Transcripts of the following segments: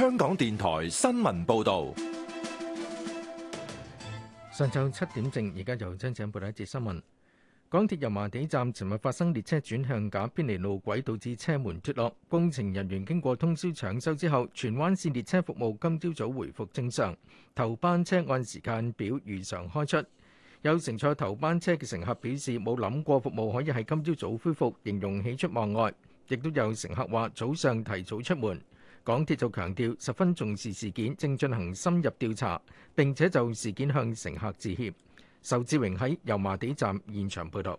香港電台新聞報道，上晝七點正，而家就請播一節新聞。港鐵油麻地站尋日發生列車轉向架偏離路軌，導致車門脫落。工程人員經過通宵搶修之後，荃灣線列車服務今朝早回復正常，頭班車按時間表如常開出。有乘坐頭班車嘅乘客表示，冇諗過服務可以喺今朝早恢復，形容喜出望外。亦都有乘客話，早上提早出門。港鐵就強調十分重視事件，正進行深入調查，並且就事件向乘客致歉。仇志榮喺油麻地站現場報道。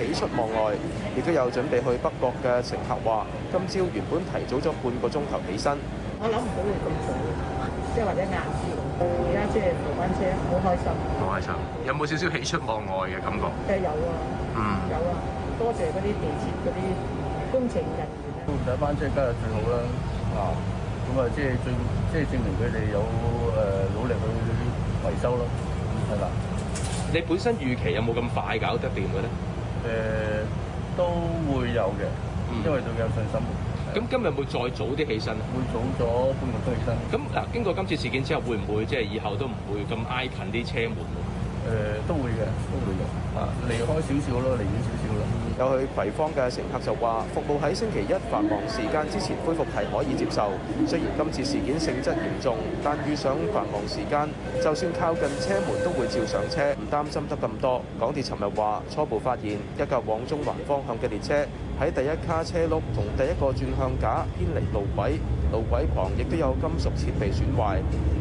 喜出望外，亦都有準備去北角嘅乘客話：今朝原本提早咗半個鐘頭起身，我諗唔到會咁早，即係或者晏啲。我而家即係坐班車，好開心，好開心。有冇少少喜出望外嘅感覺？誒有啊，嗯，有啊。多謝嗰啲地鐵嗰啲工程人員。都唔使班車，梗係最好啦。啊，咁啊，即係最即係證明佢哋有誒努力去維修咯，係嘛？你本身預期有冇咁快搞得掂嘅咧？誒都會有嘅，因為對佢有信心。咁、嗯、的今日會再早啲起身，會早咗半個鍾起身。咁嗱、嗯啊，經過今次事件之後，會唔會即係以後都唔會咁挨近啲車門？誒都會嘅，都會嘅。啊，離開少少咯，離遠少少咯。有去葵芳嘅乘客就話，服務喺星期一繁忙時間之前恢復係可以接受。雖然今次事件性質嚴重，但遇上繁忙時間，就算靠近車門都會照上車，唔擔心得咁多。港鐵尋日話，初步發現一架往中環方向嘅列車。喺第一卡車轆同第一個轉向架偏離路軌，路軌旁亦都有金屬設備損壞。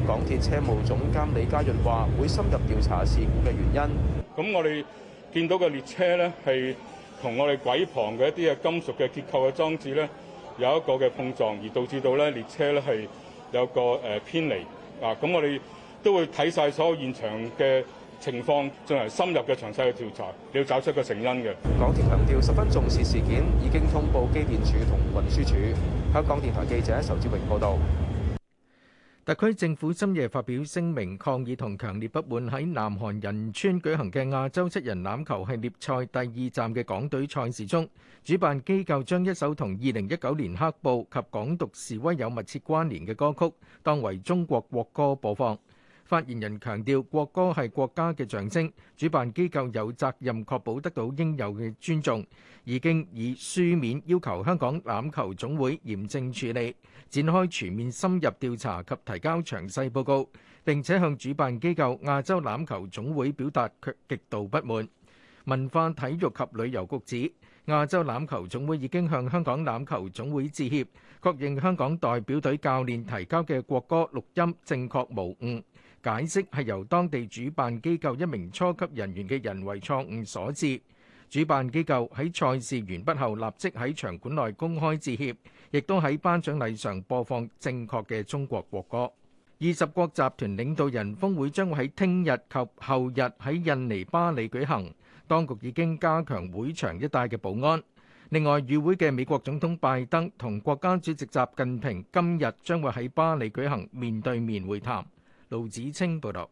港鐵車務總監李家潤話：會深入調查事故嘅原因。咁我哋見到嘅列車咧，係同我哋軌旁嘅一啲嘅金屬嘅結構嘅裝置咧，有一個嘅碰撞，而導致到咧列車咧係有個誒偏離。啊，咁我哋都會睇晒所有現場嘅情況進行深入嘅詳細嘅調查，你要找出個成因嘅。港鐵強調十分重視事件，已經通報機電署同運輸署。香港電台記者仇志榮報道，特區政府深夜發表聲明抗議同強烈不滿喺南韓仁川舉行嘅亞洲七人欖球系列賽第二站嘅港隊賽事中，主辦機構將一首同二零一九年黑暴及港獨示威有密切關聯嘅歌曲當為中國國歌播放。發言人強調，國歌係國家嘅象徵，主辦機構有責任確保得到應有嘅尊重，已經以書面要求香港欖球總會嚴正處理，展開全面深入調查及提交詳細報告，並且向主辦機構亞洲欖球總會表達極度不滿。文化體育及旅遊局指，亞洲欖球總會已經向香港欖球總會致歉，確認香港代表隊教練提交嘅國歌錄音正確無誤。解釋係由當地主辦機構一名初級人員嘅人為錯誤所致。主辦機構喺賽事完畢後立即喺場館內公開致歉，亦都喺頒獎禮上播放正確嘅中國國歌。二十國集團領導人峰會將會喺聽日及後日喺印尼巴里舉行，當局已經加強會場一帶嘅保安。另外，與會嘅美國總統拜登同國家主席習近平今日將會喺巴里舉行面對面會談。路子清報道。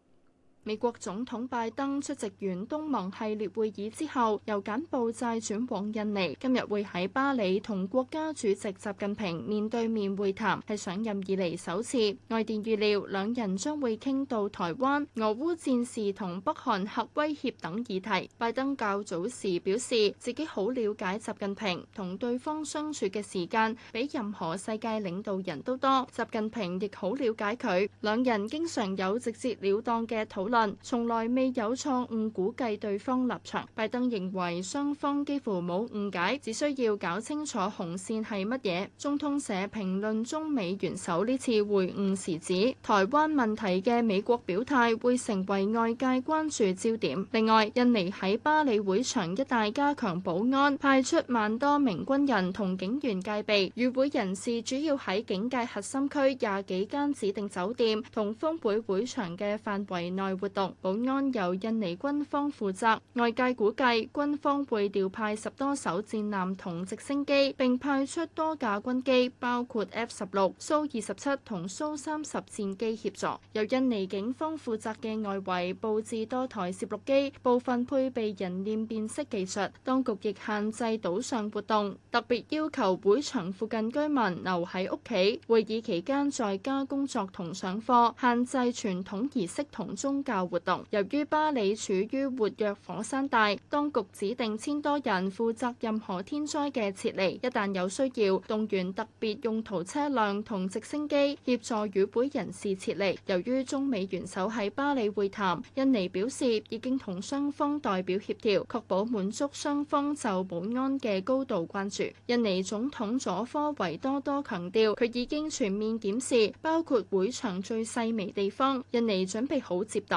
美國總統拜登出席完東盟系列會議之後，由柬埔寨轉往印尼，今日會喺巴厘同國家主席習近平面對面會談，係上任以嚟首次。外電預料兩人將會傾到台灣、俄烏戰事同北韓核威脅等議題。拜登較早時表示自己好了解習近平，同對方相處嘅時間比任何世界領導人都多。習近平亦好了解佢，兩人經常有直接了當嘅討論。從來未有錯誤估計對方立場。拜登認為雙方幾乎冇誤解，只需要搞清楚紅線係乜嘢。中通社評論中美元首呢次會晤時指，台灣問題嘅美國表態會成為外界關注焦點。另外，印尼喺巴里會場一帶加強保安，派出萬多名軍人同警員戒備。與會人士主要喺警戒核心區廿幾間指定酒店同峰會會場嘅範圍內。活動保安由印尼軍方負責，外界估計軍方會調派十多艘戰艦同直升機，並派出多架軍機，包括 F 十六、蘇二十七同蘇三十戰機協助。由印尼警方負責嘅外圍佈置多台攝錄機，部分配備人臉辨識技術。當局亦限制島上活動，特別要求會場附近居民留喺屋企。會議期間在家工作同上課，限制傳統儀式同中教活動。由於巴里處於活躍火山帶，當局指定千多人負責任何天災嘅撤離。一旦有需要，動員特別用途車輛同直升機協助與會人士撤離。由於中美元首喺巴里會談，印尼表示已經同雙方代表協調，確保滿足雙方就保安嘅高度關注。印尼總統佐科維多多強調佢已經全面檢視包括會場最細微地方。印尼準備好接待。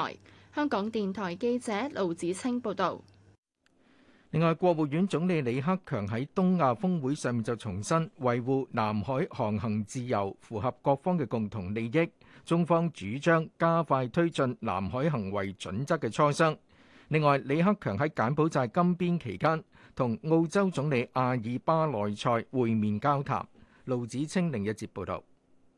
香港電台記者盧子清報道。另外，國務院總理李克強喺東亞峰會上面就重申，維護南海航行自由符合各方嘅共同利益。中方主張加快推進南海行為準則嘅磋商。另外，李克強喺柬埔寨金邊期間，同澳洲總理阿爾巴內塞會面交談。盧子清另一節報道。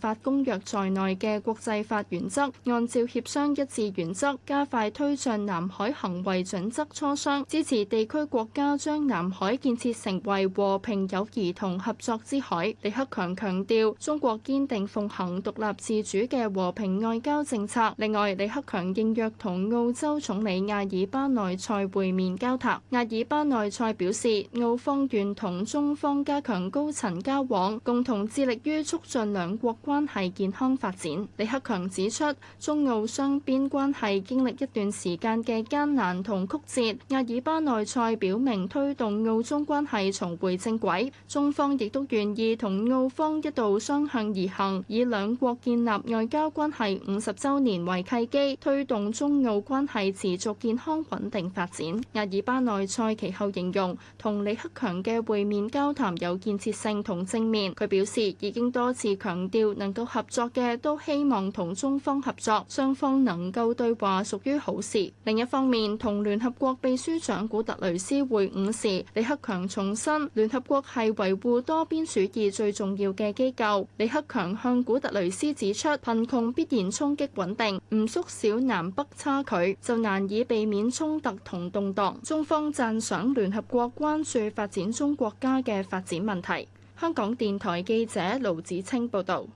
法公約在內嘅國際法原則，按照協商一致原則，加快推進南海行為準則磋商，支持地區國家將南海建設成為和平友誼同合作之海。李克強強調，中國堅定奉行獨立自主嘅和平外交政策。另外，李克強應約同澳洲總理阿爾巴內塞會面交談。阿爾巴內塞表示，澳方願同中方加強高層交往，共同致力於促進兩國關係健康發展。李克強指出，中澳雙邊關係經歷一段時間嘅艱難同曲折，阿爾巴內塞表明推動澳中關係重回正軌，中方亦都願意同澳方一道雙向而行，以兩國建立外交關係五十週年為契機，推動中澳關係持續健康穩定發展。阿爾巴內塞其後形容，同李克強嘅會面交談有建設性同正面。佢表示已經多次強調。能夠合作嘅都希望同中方合作，雙方能夠對話屬於好事。另一方面，同聯合國秘書長古特雷斯會晤時，李克強重申聯合國係維護多邊主義最重要嘅機構。李克強向古特雷斯指出，貧窮必然衝擊穩定，唔縮小南北差距就難以避免衝突同動盪。中方讚賞聯合國關注發展中國家嘅發展問題。香港電台記者盧子清報道。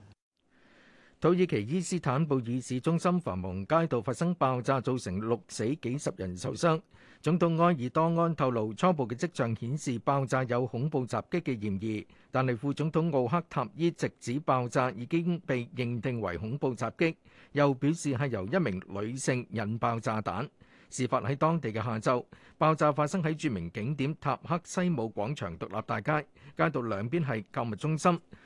土耳其伊斯坦布爾市中心繁忙街道發生爆炸，造成六死，幾十人受傷，總統埃爾多安透露，初步嘅跡象顯示爆炸有恐怖襲擊嘅嫌疑，但係副總統奧克塔伊直指爆炸已經被認定為恐怖襲擊，又表示係由一名女性引爆炸彈。事發喺當地嘅下晝，爆炸發生喺著名景點塔克西姆廣場獨立大街，街道兩邊係購物中心。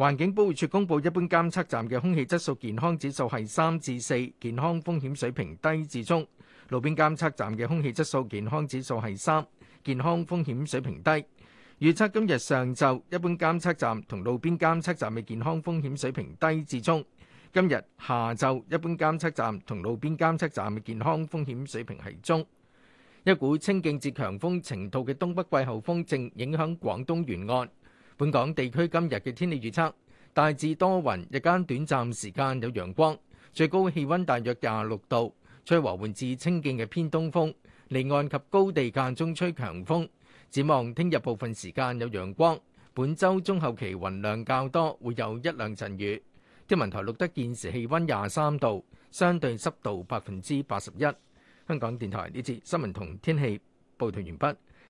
環境保護署公布，一般監測站嘅空氣質素健康指數係三至四，健康風險水平低至中；路邊監測站嘅空氣質素健康指數係三，健康風險水平低。預測今日上晝，一般監測站同路邊監測站嘅健康風險水平低至中；今日下晝，一般監測站同路邊監測站嘅健康風險水平係中。一股清勁至強風程度嘅東北季候風正影響廣東沿岸。本港地區今日嘅天氣預測，大致多雲，日間短暫時間有陽光，最高氣溫大約廿六度，吹和緩至清勁嘅偏東風，離岸及高地間中吹強風，展望聽日部分時間有陽光，本周中後期雲量較多，會有一兩陣雨。天文台錄得現時氣溫廿三度，相對濕度百分之八十一。香港電台呢節新聞同天氣報道完畢。